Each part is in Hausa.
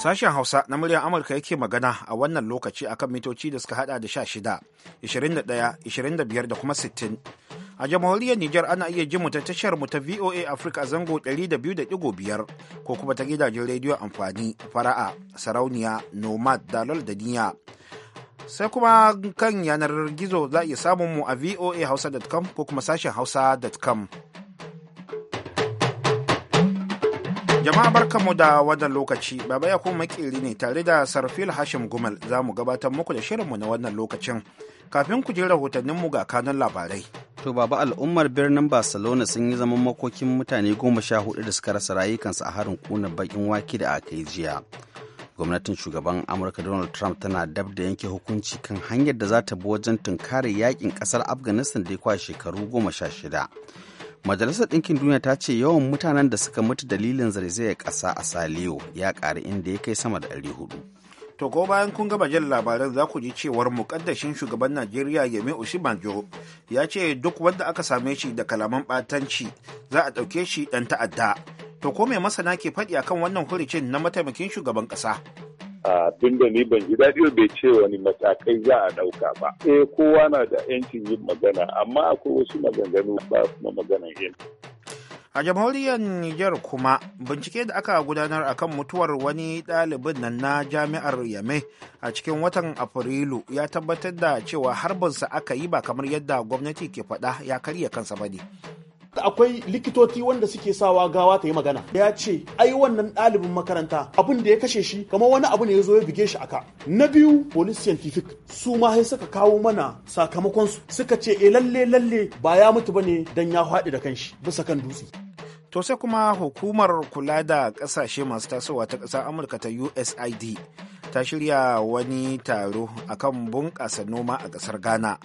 Sashen Hausa na muryar Amurka yake magana a wannan lokaci a kan mitoci da suka hada da sha shida 21, 25 da kuma sittin, A jamhuriyar Nijar ana iya jin ta tashar mu ta VOA Africa zango da da biyar ko kuma ta gidajen rediyo amfani fara'a, sarauniya, nomad, dalol da niya. Sai kuma kan yanar gizo za a iya samun mu a voahausa.com ko kuma sashen hausa.com. Jama'a barkanmu da wannan lokaci, Baba ya kuma makeri ne tare da Sarfil Hashim Gumal za mu gabatar muku da shirinmu na wannan lokacin. Kafin ku je rahotanninmu ga kanun labarai. To baba al'ummar birnin Barcelona sun yi zaman makokin mutane goma sha hudu da suka rasa rayukansu a harin kuna bakin wake da aka yi jiya. Gwamnatin shugaban Amurka Donald Trump tana dab da yanke hukunci kan hanyar da za ta bi wajen tunkarar yakin kasar Afghanistan da ya kwa shekaru goma sha shida. Majalisar Ɗinkin Duniya ta ce yawan mutanen da suka mutu dalilin zaizayar ƙasa a Saliyo ya ƙari inda ya kai sama da 400. To ko bayan kun gama jin labaran za ku ji cewar muƙaddashin shugaban Najeriya Yemi Osibanjo ya ce duk wanda aka same shi da kalaman ɓatanci za a ɗauke shi ɗan ta'adda. To ko mai masana ke faɗi akan wannan huricin na mataimakin shugaban ƙasa? tun ni ban ji daɗi bai ce wani matakai za a ɗauka ba eh kowa na da yancin yin magana amma akwai wasu maganganu ba kuma maganan yin a jamhuriyar Nijar kuma bincike da aka gudanar akan mutuwar wani ɗalibin nan na jami'ar yame a cikin watan afrilu ya tabbatar da cewa harbinsa aka yi ba kamar yadda gwamnati ke faɗa ya karya kansa ba ne akwai likitoci wanda suke sawa gawa ta yi magana ya ce ai wannan ɗalibin makaranta abin da ya kashe shi kamar wani abu ne ya zo ya bige shi aka na biyu police scientific su ma sai suka kawo mana sakamakon su suka ce e lalle lalle ba ya mutu bane dan ya fadi da kanshi bisa kan dutse to sai kuma hukumar kula da kasashe masu tasowa ta ƙasar amurka ta usid ta shirya wani taro akan bunƙasa noma a ƙasar ghana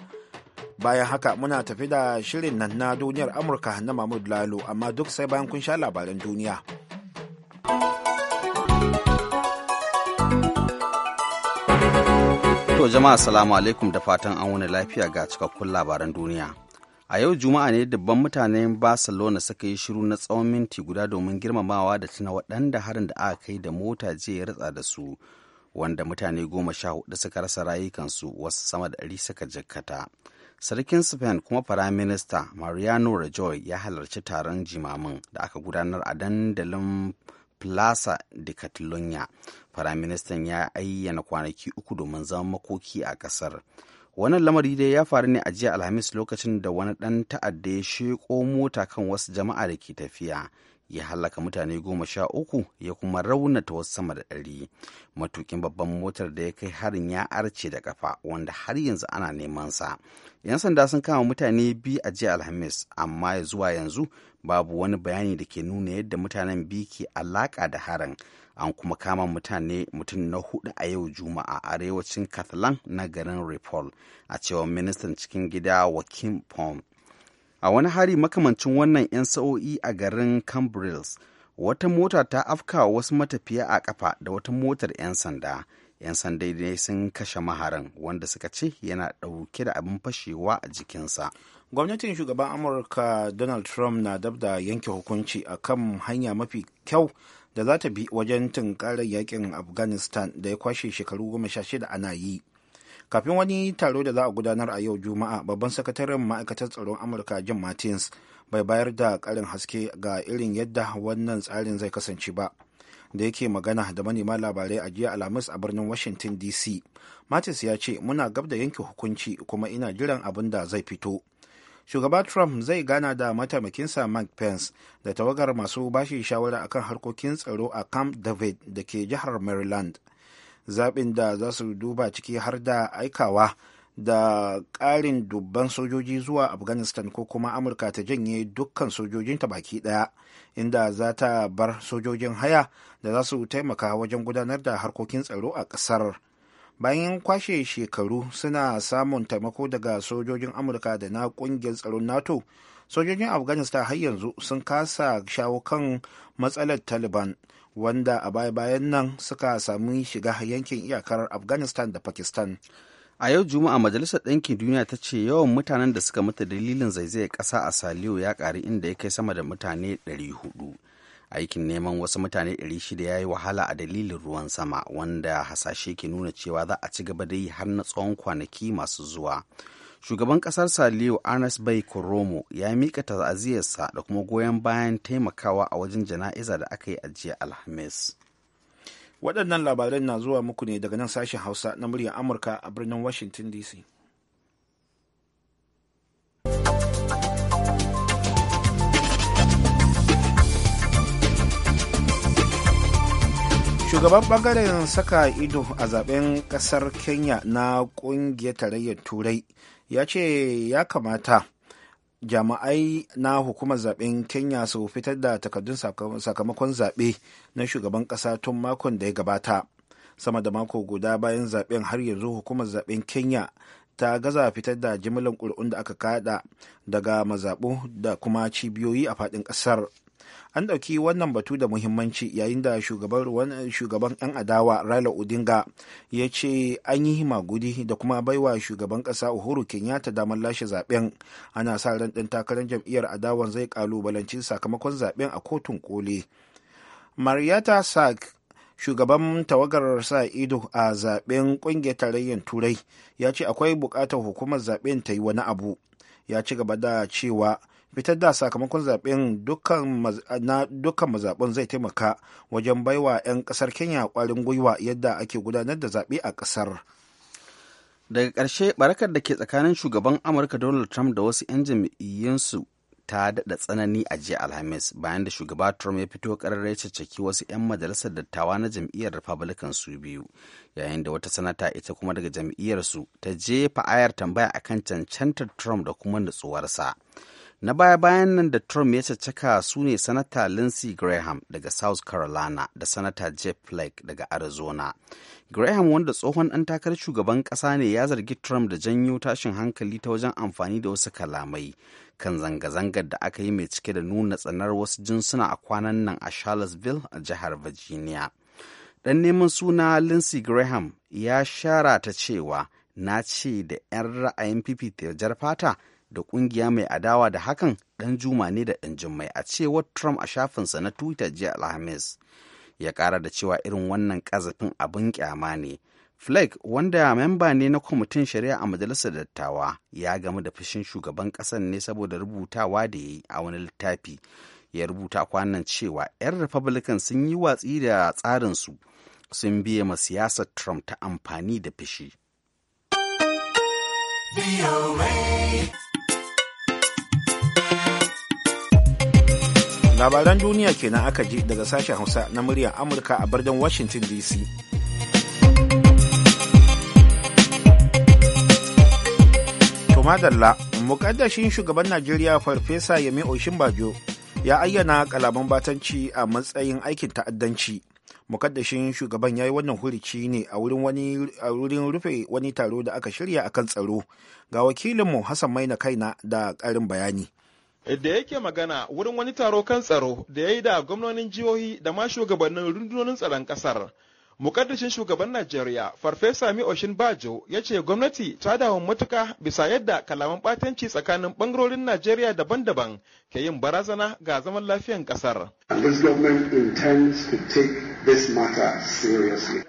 bayan haka muna tafi da shirin nan na duniyar amurka na mahmud lalo amma duk sai bayan kun sha labaran duniya to jama'a salamu alaikum da fatan an wani lafiya ga cikakkun labaran duniya a yau juma'a ne dubban mutane barcelona suka yi shiru na tsawon minti guda domin girmamawa da tuna waɗanda harin da aka kai da mota jiya ya ratsa da su wanda mutane goma sha hudu suka rasa rayukansu wasu sama da ɗari suka jikkata sarkin spain kuma firaminista mariano rajoy ya halarci taron jimamin da aka gudanar a dandalin plaza de catalunya firaministan ya ayyana kwanaki uku domin zama makoki a kasar wannan lamari dai ya faru ne a jiya alhamis lokacin da wani ɗan ta'adda ya sheƙo mota kan wasu jama'a da ke tafiya ya halaka mutane goma sha uku ya kuma raunata wasu sama da ɗari matukin babban motar da ya kai harin ya arce da kafa wanda har yanzu ana neman sa yan sanda sun kama mutane biyu a jiya alhamis amma zuwa yanzu babu wani bayani da ke nuna yadda mutanen biyu ke alaka da harin an kuma kama mutane mutum na hudu a yau juma'a arewacin catalan na garin repol a cewar ministan cikin gida wakin pom a wani hari makamancin wannan 'yan sa'o'i a garin cambrils wata mota ta afka wasu matafiya a kafa da wata motar 'yan sanda 'yan sanda ne sun kashe maharan wanda suka ce yana ɗauke da abin fashewa a jikinsa gwamnatin shugaban amurka donald trump na dab da yanke hukunci a kan hanya mafi kyau da za ta bi wajen tunkarar yakin afghanistan da ya kwashe shekaru goma sha shida ana yi kafin wani taro da za a gudanar a yau juma'a babban sakataren ma'aikatar tsaron amurka jim martins bai bayar da karin haske ga irin yadda wannan tsarin zai kasance ba da yake magana da manema labarai a jiya alhamis a birnin washington dc martins ya ce muna gab da yanke hukunci kuma ina jiran abin da zai fito shugaba trump zai gana da mataimakinsa mike pence da tawagar masu bashi shawara akan harkokin tsaro a camp david da ke jihar maryland zaɓin da za su duba ciki har da aikawa da ƙarin dubban sojoji zuwa afghanistan ko kuma amurka ta janye dukkan sojojinta baki ɗaya inda za ta bar sojojin haya da za su taimaka wajen gudanar da harkokin tsaro a ƙasar bayan kwashe shekaru suna samun taimako daga sojojin amurka da na ƙungiyar tsaron nato sojojin afghanistan har yanzu sun kasa shawo kan matsalar taliban wanda a baya-bayan nan suka sami shiga yankin iyakar afghanistan da pakistan a yau juma'a majalisar ɗinkin duniya ta ce yawan mutanen da suka mutu dalilin zaizayar ƙasa a saliyo ya ƙari inda ya kai sama da mutane 400 aikin neman wasu mutane 600 ya yi wahala a dalilin ruwan sama wanda hasashe ke nuna cewa za a ci gaba da yi har na tsawon kwanaki masu zuwa shugaban kasar saliu arnes bai koromo ya mika ta'aziyarsa da kuma goyon bayan taimakawa a wajen jana'iza da aka yi a alhamis waɗannan labaran na zuwa muku ne daga nan sashen hausa na muryar amurka a birnin washington dc shugaban bangaren saka ido a zaben kasar kenya na kungiyar tarayyar turai ya ce ya kamata jami'ai na hukumar zaɓen kenya su fitar da takardun sakamakon zaɓe na shugaban ƙasa tun makon da ya gabata sama da mako guda bayan zaɓen har yanzu hukumar zaɓen kenya ta gaza fitar da jimillan ƙuri'un da aka kada daga mazaɓu da kuma cibiyoyi a faɗin ƙasar an ɗauki wannan batu da muhimmanci yayin da shugaban 'yan adawa raila odinga ya ce an yi magudi da kuma baiwa shugaban ƙasa uhuru kenyatta damar lashe zaben ana sa ran ɗin takarar jam'iyyar adawan zai ƙalubalanci sakamakon zaben a kotun koli mariata sak shugaban tawagar sa ido a zaben ƙungiyar tarayyar turai ya ce akwai buƙatar hukumar zaben ta yi wani abu ya ci gaba da cewa fitar da sakamakon zaben dukkan mazaɓen zai taimaka wajen baiwa 'yan ƙasar kenya ƙwarin gwiwa yadda ake gudanar da zaɓe a ƙasar daga ƙarshe barakar da ke tsakanin shugaban amurka donald trump da wasu 'yan jam'iyyunsu ta daɗa tsanani a jiya alhamis bayan da shugaba trump ya fito ƙarar ya caccaki wasu 'yan majalisar dattawa na jam'iyyar republican su biyu yayin da wata sanata ita kuma daga jam'iyyarsu ta jefa ayar tambaya akan cancantar trump da kuma nutsuwarsa. na baya-bayan nan da Trump ya caccaka su ne Sanata Lindsey Graham daga South Carolina da Sanata Jeff Flake daga Arizona. Graham wanda tsohon ɗan takarar shugaban ƙasa ne ya zargi Trump da janyo tashin hankali ta wajen amfani da wasu kalamai kan zanga-zangar da aka yi mai cike da nuna tsanar wasu jinsuna a kwanan nan a Charlottesville a jihar Virginia. Ɗan neman suna Lindsey Graham ya shara ta cewa na ce da 'yan ra'ayin fifita ya fata da kungiya mai adawa da hakan dan juma ne da dan jummai a cewar trump a shafinsa na twitter jiya alhamis ya kara da cewa irin wannan kazafin abin kyama ne flake wanda memba ne na kwamitin shari'a a majalisar dattawa ya gamu da fushin shugaban kasar ne saboda rubutawa da ya yi a wani littafi ya rubuta kwanan cewa 'yan republican sun yi watsi da tsarin su sun biya ma siyasar trump ta amfani da fushi. labaran duniya kenan aka ji daga sashen hausa na muryar amurka a birnin washington dc madalla mukaddashin shugaban najeriya farfesa yemi oshimbajo ya ayyana kalaman batanci a matsayin aikin ta'addanci mukaddashin shugaban ya yi wannan hurici ne a wurin rufe wani taro da aka shirya akan tsaro ga wakilinmu hassan maina kaina da karin bayani da yake magana wurin wani taro kan tsaro da ya yi da gwamnonin jihohi da ma shugabannin rundunonin tsaron kasar mukaddashin shugaban najeriya farfesa mi oshin bajo ya ce gwamnati ta dawo matuka bisa yadda kalaman batanci tsakanin bangarorin najeriya daban-daban ke yin barazana ga zaman lafiyan kasar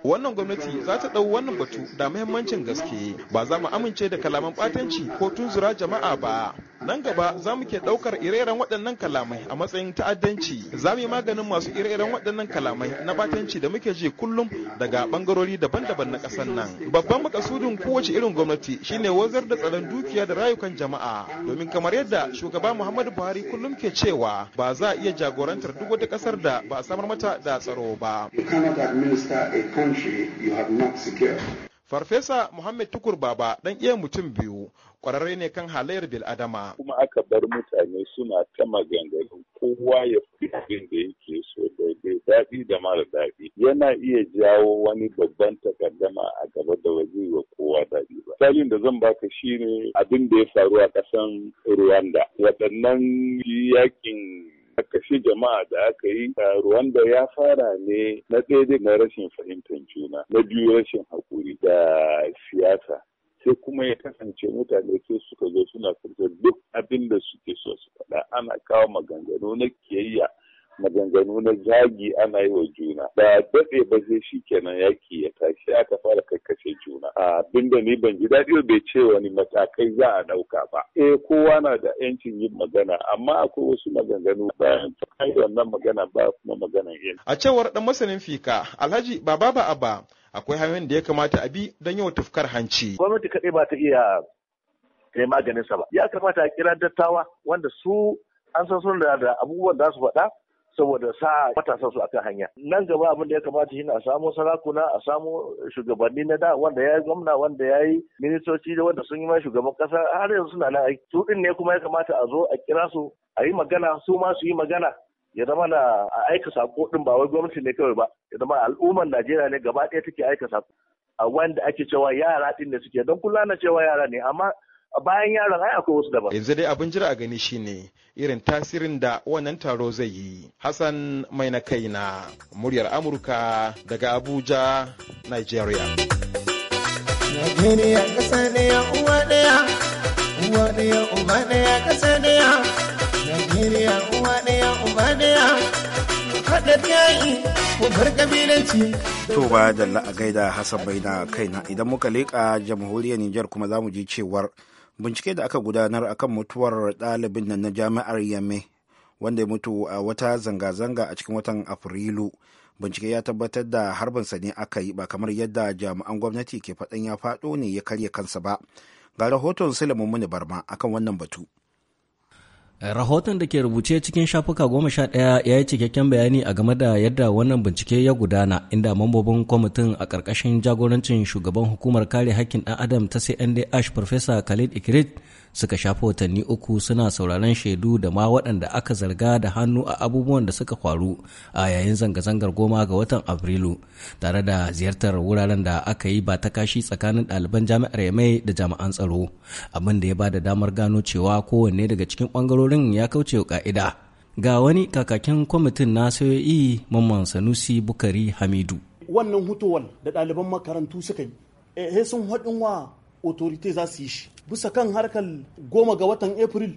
wannan gwamnati za ta ɗau wannan batu da muhimmancin gaske ba za mu amince da kalaman batanci ko tunzura jama'a ba Nan gaba za mu ke ɗaukar ire-iren waɗannan kalamai a matsayin ta'addanci. Za mu yi maganin masu ire-iren waɗannan kalamai na batanci da muke ji kullum daga ɓangarori daban-daban na ƙasar nan. Babban makasudin kowace irin gwamnati shine wanzar da tsaron dukiya da rayukan jama'a. Domin kamar yadda shugaba Muhammadu Buhari kullum ke cewa ba za a iya jagorantar duk wata ƙasar da ba a samar mata da tsaro ba. You cannot administer a country you have not secured. Farfesa Muhammad Tukur Baba ɗan iya mutum biyu ƙwararre ne kan halayyar bil'adama. Kuma aka bar mutane suna ta maganganun kowa ya fi abin da yake so daidai daɗi da mara daɗi. Yana iya jawo wani babban takaddama a gaba da waje wa kowa daɗi ba. Salin da zan baka shine abin da ya faru a ƙasan Rwanda. Waɗannan yakin A kashi jama'a da aka yi a Rwanda ya fara ne na daidai na rashin fahimtar juna, na biyu rashin haƙuri da siyasa. Sai kuma ya kasance mutane sai suka zo suna furta duk abin da suke so su faɗa ana kawo maganganu na kiyayya maganganu na zagi ana yi wa juna da dafe ba zai shi kenan yaki ya tashi aka fara kashe juna A da ni ban ji daɗi bai ce wani matakai za a ɗauka ba eh kowa na da yancin yin magana amma akwai wasu maganganu bayan kai wannan magana ba kuma magana yin a cewar dan masanin fika alhaji baba ba aba akwai hanyoyin da ya kamata a bi don yawan tufkar hanci gwamnati kaɗai ba ta iya maganin maganinsa ba ya kamata a kira dattawa wanda su an san suna da abubuwan da su faɗa saboda sa matasa su akan hanya nan gaba abin da ya kamata shine a samu sarakuna a samu shugabanni na da wanda ya yi gwamna wanda ya yi ministoci da wanda sun yi ma shugaban kasa har yanzu suna nan aiki su din ne kuma ya kamata a zo a kira su a yi magana su ma su yi magana ya zama na a aika sako din ba wai gwamnati ne kawai ba ya zama al'ummar Najeriya ne gaba ɗaya take aika sako a wanda ake cewa yara din da suke don kula na cewa yara ne amma bayan yaron ai akwai wasu daban yanzu dai abin jira a gani shine irin tasirin da wannan taro zai yi hassan mai na kaina muryar amurka daga abuja nigeria Najeriya ƙasa ɗaya uwa ɗaya, uwa uba ɗaya ƙasa ɗaya. Najeriya uwa uba ɗaya, haɗa yayi ƙabilanci. To ba da da Hassan bai na kaina idan muka leƙa jamhuriyar Nijar kuma za mu ji cewar bincike da aka gudanar akan mutuwar ɗalibin nan na jami'ar yame wanda ya mutu a wata zanga-zanga a cikin watan afrilu bincike ya tabbatar da harbinsa ne aka yi ba kamar yadda jami'an gwamnati ke faɗan ya faɗo ne ya karya kansa ba ga rahoton silimin muni barma akan wannan batu rahoton da ke rubuce cikin shafuka goma sha ɗaya ya yi cikakken bayani a game da yadda wannan bincike ya gudana inda mambobin kwamitin a ƙarƙashin jagorancin shugaban hukumar kare haƙƙin ɗan adam ta cndh farfesa khalid ikrit suka shafi watanni uku suna sauraron shaidu da ma waɗanda aka zarga da hannu a abubuwan da suka faru a yayin zanga-zangar goma ga watan Afrilu tare da ziyartar wuraren da aka yi ba ta kashi tsakanin ɗaliban jami'ar Yamai da jami'an tsaro abin da ya ba da damar gano cewa kowanne daga cikin ɓangarorin ya kauce ka'ida. Ga wani kakakin kwamitin na sayoyi e, Mamman Sanusi Bukari Hamidu. Wannan hutowar da ɗaliban makarantu suka yi, eh, sun haɗin wa authority za su yi shi bisa kan harkar goma ga watan april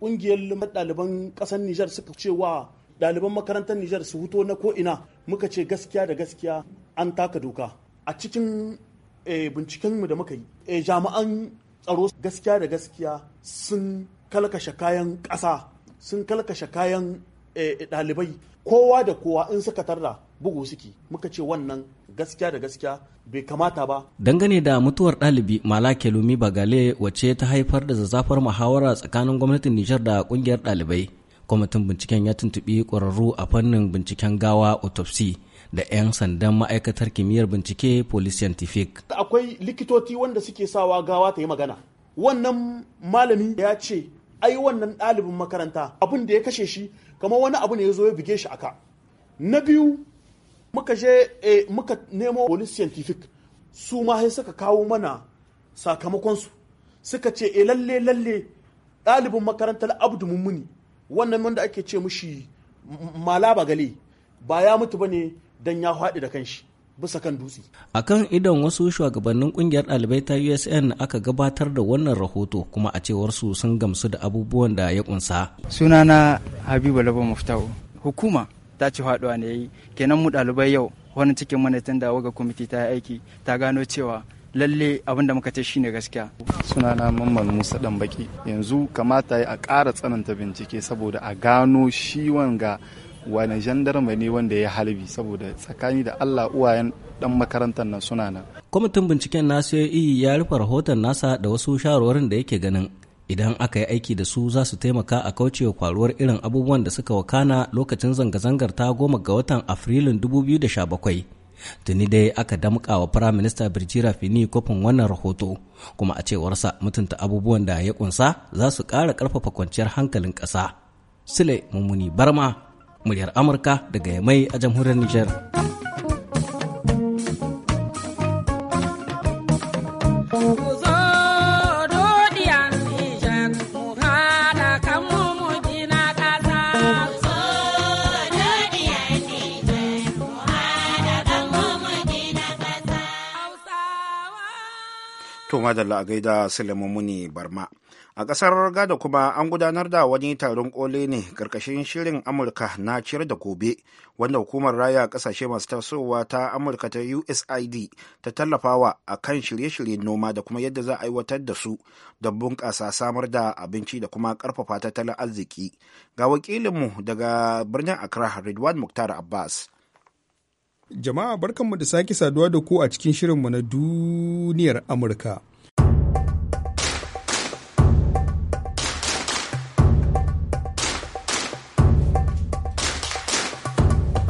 kungiyar eh, ɗaliban ƙasar nijar suka wa. ɗaliban makarantar nijar su huto na ko'ina muka ce gaskiya da gaskiya an taka doka a cikin eh, mu da muka yi eh, jami'an tsaro gaskiya da gaskiya sun kalkashe kayan ƙasa sun kalkashe kayan ɗalibai kowa da kowa in suka tarda bugu suke muka ce wannan gaskiya da gaskiya bai kamata ba dangane da mutuwar ɗalibi mala kelumi bagale wacce ta haifar da zazzafar muhawara tsakanin gwamnatin nijar da kungiyar ɗalibai kwamitin binciken ya tuntuɓi ƙwararru a fannin binciken gawa autopsy da 'yan sandan ma'aikatar kimiyyar bincike police scientific akwai likitoci wanda suke sawa gawa ta yi magana wannan malami ya ce ai wannan ɗalibin makaranta abin da ya kashe shi kamar wani abu ne ya zo ya buge shi aka na biyu muka je e muka nemo wani scientific su ma sai suka kawo mana sakamakonsu suka ce e lalle lalle ɗalibin makarantar abdu mummuni wannan wanda ake ce mushi malaba gale ba ya mutu bane dan ya haɗi da kanshi bisa kan dutse. A kan idon wasu shugabannin kungiyar ɗalibai ta USN aka gabatar da wannan rahoto kuma a cewar su sun gamsu da abubuwan da ya kunsa. Sunana Habibu Labo Muftahu. Hukuma ta ci haɗuwa ne yi kenan mu ɗalibai yau wani cikin mana tun da waga kwamiti ta yi aiki ta gano cewa lalle abin da muka ce ne gaskiya sunana mamman musa dan baki yanzu kamata a ƙara tsananta bincike saboda a gano shi wanga wani jandarma ne wanda ya halbi saboda tsakani da allah uwayen dan makarantar nan suna nan kwamitin binciken nasu e ya rufe rahoton nasa da wasu shawarwarin da yake ganin idan aka yi aiki da su za su taimaka a kaucewa kwaruwar irin abubuwan da suka wakana lokacin zanga-zangar ta goma ga watan afrilun 2017 tuni dai aka damƙa wa firayim minista birjira fini kofin wannan rahoto kuma a cewarsa mutunta abubuwan da ya kunsa za su ƙara ƙarfafa kwanciyar hankalin ƙasa sule mummuni barma muryar amurka daga yamai a jamhuriyar niger To madalla a gaida muni Barma. A ƙasar Gada kuma an gudanar da wani taron ƙoli ne ƙarƙashin shirin Amurka na ciyar da gobe, wanda hukumar raya ƙasashe masu tasowa ta Amurka ta USID ta tallafawa a kan shirye-shiryen noma da kuma yadda za a aiwatar da su don bunƙasa samar da abinci da kuma ƙarfafa tattalin arziki. Ga wakilinmu daga birnin Accra, Ridwan Muktar Abbas. Jama'a barkanmu da sake saduwa da ku a cikin shirinmu na duniyar Amurka.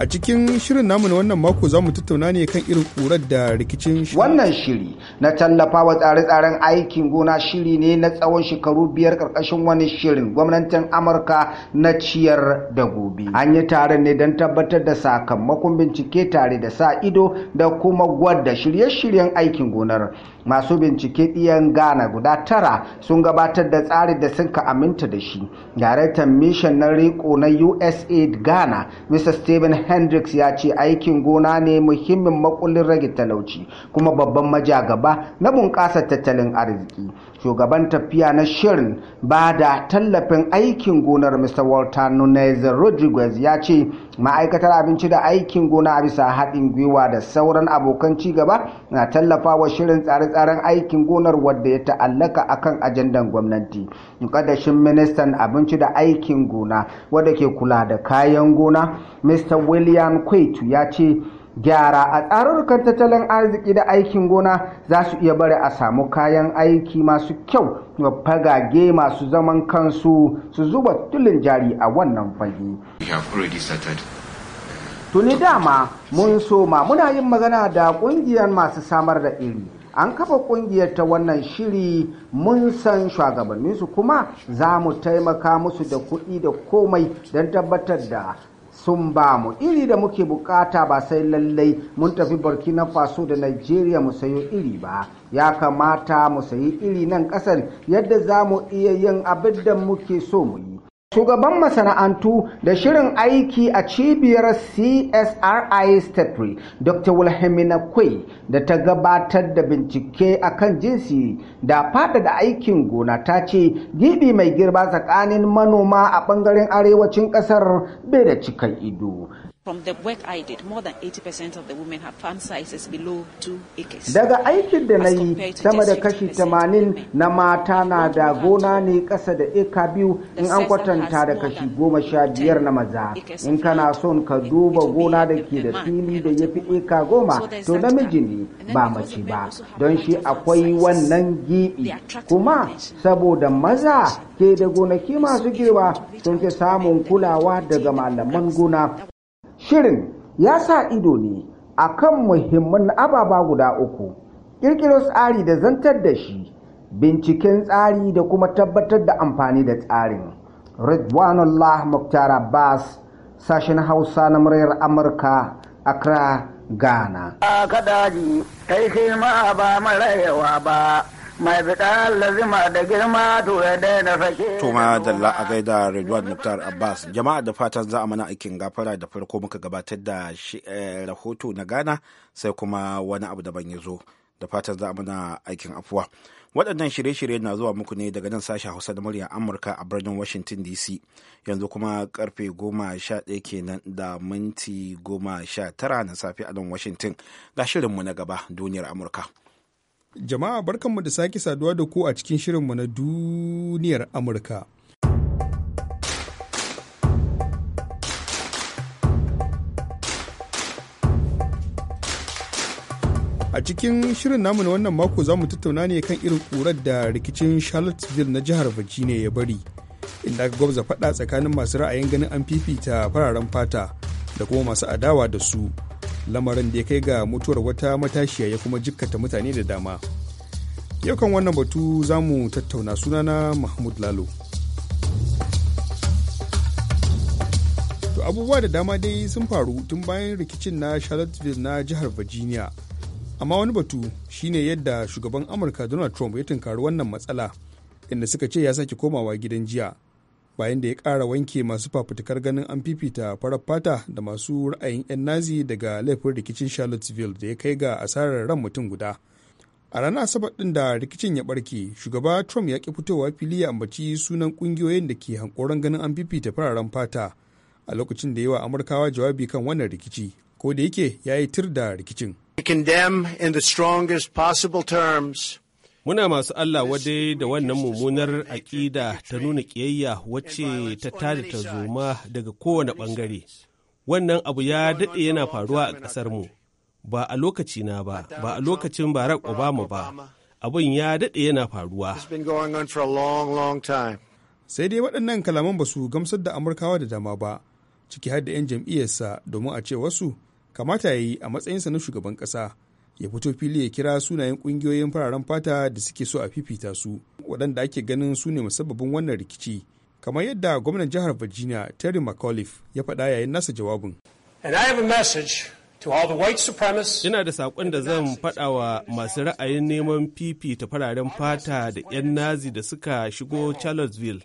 A cikin shirin namu na wannan mako za mu tattauna ne kan irin ƙurar da rikicin shi. Wannan shiri na tallafawa tsare-tsaren aikin gona shiri ne na tsawon shekaru biyar ƙarƙashin wani shirin gwamnatin Amurka na ciyar da gobe. An yi taron ne don tabbatar da sakamakon bincike tare da sa ido da kuma gwada shirye-shiryen aikin gonar. masu bincike ɗiyan ghana guda tara sun gabatar da tsari da sun ka aminta da shi daraitan mishan na riko na usaid ghana mr stephen hendricks ya ce aikin gona ne muhimmin makullin rage talauci kuma babban gaba na bunƙasa tattalin arziki shugaban tafiya na shirin ba da tallafin aikin gonar mr walter nunez rodriguez ya ce ma'aikatar abinci da aikin gona a bisa haɗin gwiwa da sauran abokan ci gaba na tallafa wa shirin tsare-tsare karan aikin gonar wadda ya ta'allaka a kan ajandan gwamnati kadashin ministan abinci da aikin gona wadda ke kula da kayan gona mr william kwaitu ya ce gyara a tsarurrukan tattalin arziki da aikin gona za su iya bari a samu kayan aiki masu kyau da fagage masu zaman kansu su zuba tulin jari a wannan fage. Tuni dama mun soma muna yin magana da kungiyar masu samar da iri an kafa kungiyar ta wannan shiri mun san shugabanninsu kuma za mu taimaka musu da kuɗi da komai don tabbatar da sun ba mu iri da muke bukata ba sai lallai mun tafi burkina faso da nigeria mu sayo iri ba ya kamata mu sayi iri nan kasar yadda za mu iya yin abin da muke so mu yi Shugaban Masana'antu da Shirin Aiki a Cibiyar CSRI Stepri, Dr. Wilhelmina kwai da ta gabatar da bincike a kan jinsi da faɗaɗa aikin gona ta ce gibi mai girba tsakanin manoma a ɓangaren arewacin ƙasar bai da cikan ido. From the work I did, more than 80% of the women have farm sizes below 2 acres. Daga aikin da na yi sama da kashi 80 na mata na da gona ne kasa da eka biyu in an kwatanta da kashi goma sha biyar na maza. In kana son ka duba gona da ke da fili da ya fi eka goma to namiji ne ba mace ba. Don shi akwai wannan gibi kuma saboda maza ke da gonaki masu girma sun fi samun kulawa daga malaman gona. Shirin ya sa ido ne a kan muhimman ababa guda uku, ƙirƙiro tsari da zantar da shi, binciken tsari da kuma tabbatar da amfani da tsarin. Ridwanullah Muktar Abbas, sashen Hausa na muryar Amurka, akra Ghana. A kadaji kai ma ba marayewa ba. mai fita lazima da girma to ya daina sake to ma dalla a gaida Ridwan Muktar Abbas jama'a da fatan za a mana aikin gafara da farko muka gabatar da eh, rahoto na Ghana sai kuma wani abu daban ya zo da fatan za a mana aikin afuwa waɗannan shirye-shirye na zuwa muku ne daga nan sashen hausa da muryar amurka a birnin washington dc yanzu kuma karfe goma sha ɗaya kenan da minti goma sha tara na safe a nan washington ga shirinmu na gaba duniyar amurka Jama'a barkanmu da sake saduwa da ku a cikin shirinmu na duniyar Amurka. A cikin shirin namu na wannan mako za mu tattauna ne kan irin ƙurar da rikicin Charlottesville na jihar Virginia ya bari, inda aka gwabza faɗa tsakanin masu ra'ayin ganin an fifita fararen fata da kuma masu adawa da su. lamarin da ya kai ga mutuwar wata matashiya ya kuma jikkata mutane da dama yau kan wannan batu za mu tattauna suna na mahmud lalo to abubuwa da dama dai sun faru tun bayan rikicin na charlottesville na jihar virginia amma wani batu shine yadda shugaban amurka donald trump ya tunkari wannan matsala inda suka ce ya sake komawa gidan jiya bayan da ya kara wanke masu fafutukar ganin an fifita farar fata da masu ra'ayin 'yan nazi daga laifin rikicin charlottesville da ya kai ga asarar ran mutum guda a ranar asabar din da rikicin ya barke shugaba trump ya ki fitowa fili ya ambaci sunan kungiyoyin da ke hankoron ganin an fifita fararen fata a lokacin da yawa amurkawa jawabi kan wannan rikici ko da yake ya yi tir da rikicin. condemn in the strongest possible terms Muna masu Allah wadai da wannan mummunar aƙida ta nuna ƙiyayya wacce ta tada zoma daga kowane ɓangare. Wannan abu ya daɗe yana faruwa a ƙasarmu, ba a lokacina ba, ba a lokacin Barack Obama ba, abin ya daɗe yana faruwa. Sai dai waɗannan kalaman ba su gamsar da Amurkawa da dama ba, ciki har da 'yan jam'iyyarsa domin a ce wasu kamata ya yi a matsayinsa na shugaban ƙasa. ya fito fili ya kira sunayen kungiyoyin fararen fata da suke so a fifita su waɗanda ake ganin su ne musabbabin wannan rikici kamar yadda gwamnan jihar virginia terry mcauliffe ya faɗa yayin nasa jawabin Ina da saƙon da zan faɗa wa masu ra'ayin neman fifita fararen fata da 'yan Nazi da suka shigo Charlottesville.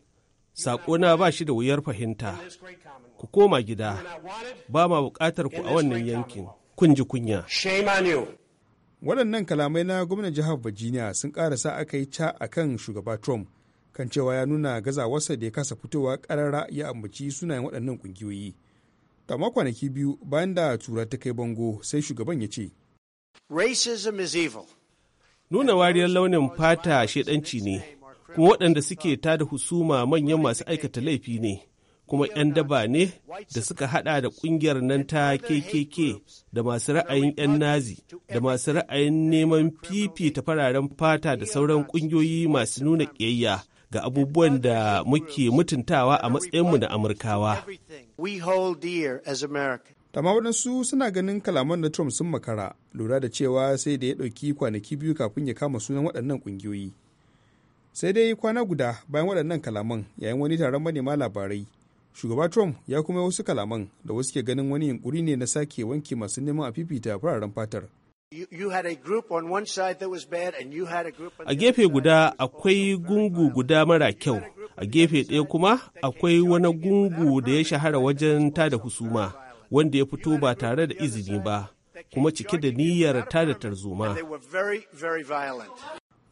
Saƙona ba shi da wuyar fahimta. Ku koma gida, ba ma buƙatar ku a wannan yankin. Kun ji kunya. waɗannan kalamai na gwamnan jihar virginia sun ƙarasa aka yi ca a kan shugaba trump kan cewa ya nuna gazawarsa da ya kasa fitowa ƙarara ya ambaci sunayen waɗannan ƙungiyoyi amma kwanaki biyu bayan da tura ta kai bango sai shugaban ya ce nuna wariyar launin fata shaidanci ne kuma waɗanda suke tada husuma manyan masu aikata laifi ne kuma 'yan daba ne da suka hada da kungiyar nan ta KKK da masu ra'ayin 'yan nazi da masu ra'ayin neman fifita fararen fata da sauran kungiyoyi masu nuna ƙiyayya ga abubuwan da muke mutuntawa a matsayinmu na Amurkawa. Tama waɗansu suna ganin kalaman na Trump sun makara lura da cewa sai da ya ɗauki kwanaki biyu kafin ya kama sunan waɗannan kungiyoyi Sai dai kwana guda bayan waɗannan kalaman yayin wani taron manema labarai shugaba trump ya kuma wasu kalaman da wasu ke ganin wani yunkuri ne na sake wanke masu neman a fifita fararen fatar a gefe guda akwai gungu guda mara kyau a gefe ɗaya kuma akwai wani gungu da ya shahara wajen tada husuma wanda ya fito ba tare da izini ba kuma cike da niyyar tada tarzoma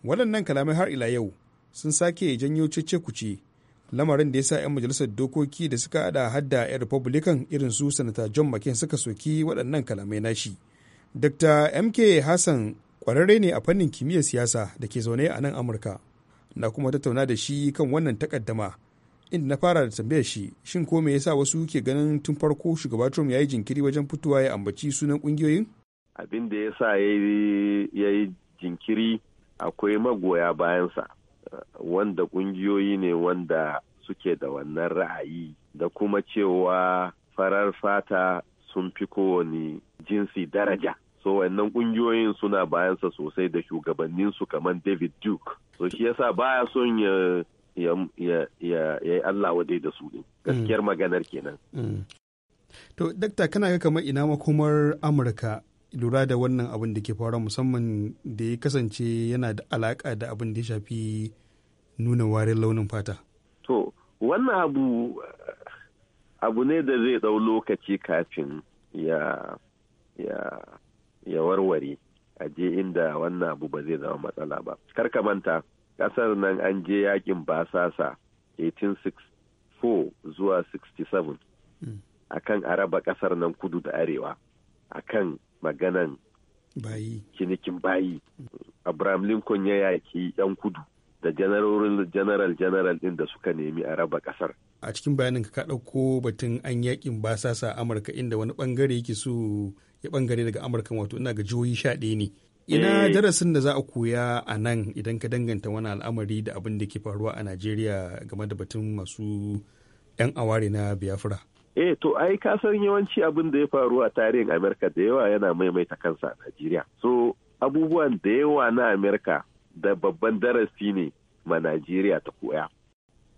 waɗannan kalamai har ila yau sun sake janyo cece kuce lamarin da ya sa 'yan majalisar dokoki da suka hada hadda 'yan republican irin su sanata john mccain suka soki waɗannan kalamai nashi dr mk hassan ƙwararre ne a fannin kimiyyar siyasa da ke zaune a nan amurka na kuma tattauna da shi kan wannan takaddama inda na fara da tambayar shi shin ko me yasa wasu ke ganin tun farko shugaba trump ya yi jinkiri wajen fitowa ya ambaci sunan kungiyoyin abin da ya sa ya yi jinkiri akwai magoya bayansa wanda ƙungiyoyi ne wanda suke da wannan ra'ayi da kuma cewa farar fata sun fi kowane jinsi daraja so wannan kungiyoyin suna bayansa sosai da shugabanninsu kamar david duke so shi yasa baya son ya ya yi allah wadai da su ne mm. gaskiyar maganar kenan mm. to dakta kana ga kamar ina makomar amurka lura da wannan abin da ke faruwa musamman da ya kasance yana da alaƙa da abin da ya shafi nuna warin launin fata. To, wannan abu abu ne da zai ɗau lokaci kafin ya ya ya warware a je inda wannan abu ba zai zama matsala ba. Kar ka manta, ƙasar nan an je yakin basasa 1864 zuwa 67 hmm. akan araba ƙasar nan kudu da arewa akan maganan bayi cinikin bayi abraham lincoln ya yaki yan kudu da janarorin general general din da suka nemi a raba kasar a cikin bayanin ka ɗauko batun an yakin basasa amurka inda wani bangare yake so ya bangare daga amurka wato ina ga jihohi sha ɗaya ne ina eh. darasin da za a koya a nan idan ka danganta wani al'amari da abin da ke faruwa a najeriya game da batun masu 'yan aware na biafra eh to ai ka san yawanci abin da ya faru a tarihin amerika da yawa yana maimaita kansa a najeriya so abubuwan da yawa na amerika da babban darasi ne ma najeriya ta koya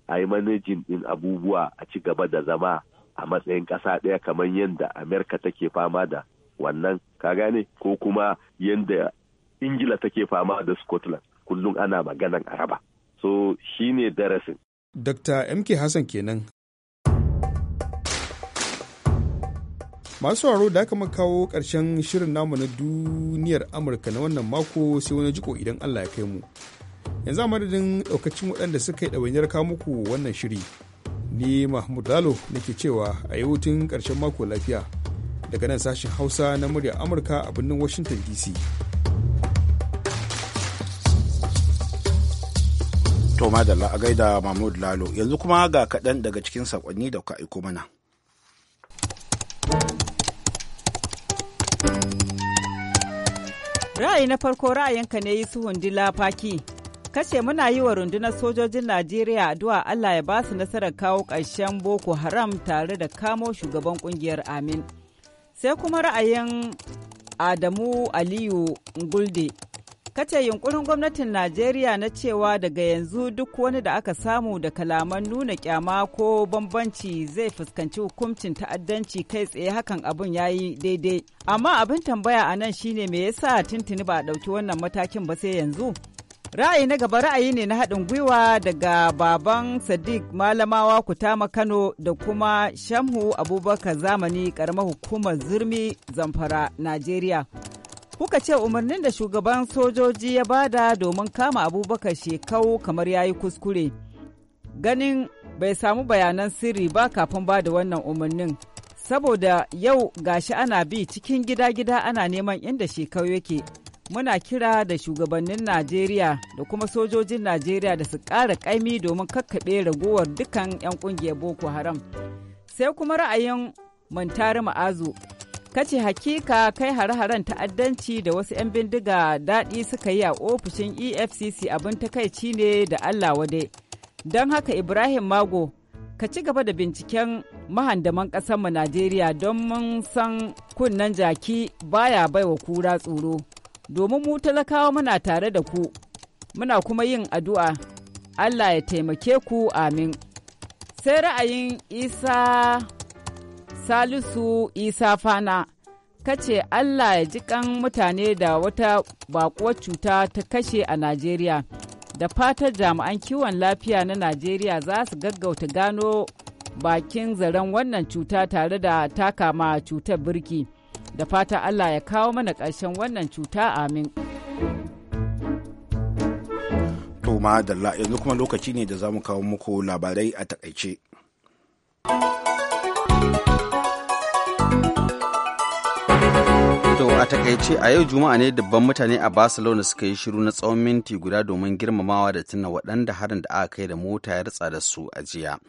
a yi manajin din abubuwa a ci gaba da zama a matsayin ƙasa ɗaya kamar yadda amerika take fama da wannan ka gane ko kuma yadda ingila take fama da scotland kullum ana maganan araba so shine darasin Dr. MK Hassan kenan masu sauraro da aka kawo ƙarshen shirin namu na duniyar amurka na wannan mako sai wani jiko idan allah ya kai mu yanzu a madadin ɗaukacin waɗanda suka yi ɗawainiyar kawo muku wannan shiri ni mahmud lalo nake cewa a yi hutun ƙarshen mako lafiya daga nan sashen hausa na murya amurka a birnin washington dc to madalla a gaida mahmud lalo yanzu kuma ga kaɗan daga cikin saƙonni da kuka aiko mana Ra'ayi na farko ra'ayinka ne yi suhun dilafaki. kashe muna yi wa rundunar sojojin Najeriya addu'a Allah ya ba su nasarar kawo ƙarshen Boko Haram tare da kamo shugaban kungiyar Amin. Sai kuma ra'ayin Adamu Aliyu Ngulde kace yunkurin gwamnatin najeriya na cewa daga yanzu duk wani da aka samu da kalaman nuna kyama ko bambanci zai fuskanci hukuncin ta'addanci kai tsaye hakan abun ya yi daidai amma abin tambaya a nan shine me yasa tuntuni ba a ɗauki wannan matakin ba sai yanzu ra'ayi na gaba ra'ayi ne na haɗin gwiwa daga baban sadiq malamawa kutama kano da kuma shamhu abubakar zamani ƙaramar hukumar zurmi zamfara najeriya kuka ce umarnin da shugaban sojoji ya bada domin kama abubakar shekau kamar ya yi kuskure ganin bai samu bayanan sirri ba kafin bada wannan umarnin saboda yau gashi ana bi cikin gida-gida ana neman inda shekau yake muna kira da shugabannin najeriya da kuma sojojin najeriya da su ƙara ƙaimi domin kakkaɓe ragowar dukkan 'yan ƙungiyar boko haram sai kuma ra'ayin mantari ma'azu kace hakika kai hare-haren ta'addanci da wasu 'yan bindiga daɗi suka yi a ofishin efcc abin takaici ne da allah wade don haka ibrahim mago ka ci gaba da binciken mahandaman mu najeriya don mun san kunnen jaki baya baiwa kura tsoro domin mu talakawa muna tare da ku muna kuma yin addu'a allah ya taimake ku amin sai ra'ayin isa Salisu Isa Fana ce Allah ya ji kan mutane da wata bakuwar cuta ta kashe a Najeriya. Da fatar jami'an kiwon lafiya na Najeriya za su gaggauta gano bakin zaren wannan cuta tare da takama cutar birki. Da fata Allah ya kawo mana ƙarshen wannan cuta amin. Toma da yanzu kuma lokaci ne da za mu kawo muku labarai a takaice. To a takaice a yau juma'a ne dubban mutane a Barcelona suka yi shiru na tsawon minti guda domin girmamawa da tuna waɗanda harin da aka kai da mota ya ritsa da su a jiya.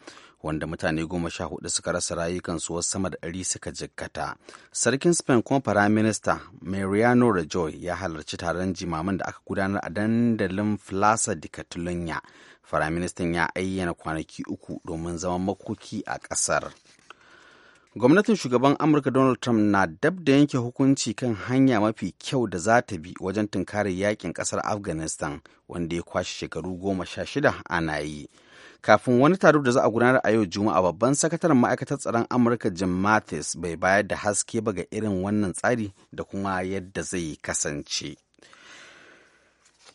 Wanda mutane goma sha hudu suka rasa rayukansu wasu sama da ɗari suka jikkata. Sarkin Spain kuma Firaminista Mariano Rajoy ya halarci taron jimamin da aka gudanar a dandalin Plaza de Catalunya. Firaministan ya ayyana kwanaki uku domin zama makoki a ƙasar. gwamnatin shugaban amurka donald trump na dab da yanke hukunci kan hanya mafi kyau da za ta bi wajen tunkarar yakin kasar afghanistan wanda ya kwashe shekaru goma sha shida ana yi kafin wani taro da za a gudanar a yau juma'a babban sakataren ma'aikatar tsaron amurka jim mathis bai bayar da haske ba ga irin wannan tsari da kuma yadda zai kasance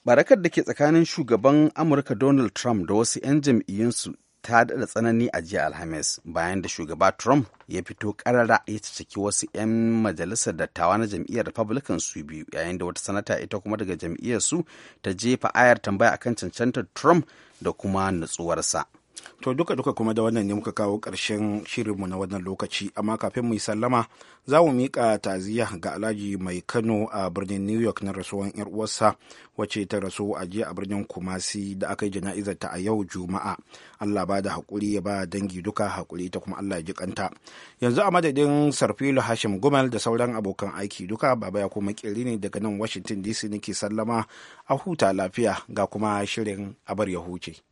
barakar da ke tsakanin shugaban amurka donald trump da wasu 'yan jam'iyyunsu ta daɗa tsanani a jiya alhamis bayan da shugaba trump ya fito karara ya ciki wasu 'yan majalisar dattawa na jam'iyyar republican su biyu yayin da wata sanata ita kuma daga jam'iyyar su ta jefa ayar tambaya akan cancantar trump da kuma nutsuwarsa To duka duka kuma da wannan ne muka kawo ƙarshen shirinmu na wannan lokaci amma kafin mu yi sallama za mu miƙa taziya ga Alhaji mai Kano a birnin New York na rasuwan yar uwarsa wacce ta rasu a jiya a birnin Kumasi da aka yi jana'izar ta a yau Juma'a. Allah ba da haƙuri ya ba dangi duka haƙuri ta kuma Allah ya ji kanta. Yanzu a madadin Sarfilu Hashim Gumal da sauran abokan aiki duka baba ya kuma ƙiri ne daga nan Washington DC nake sallama a huta lafiya ga kuma shirin abar ya huce.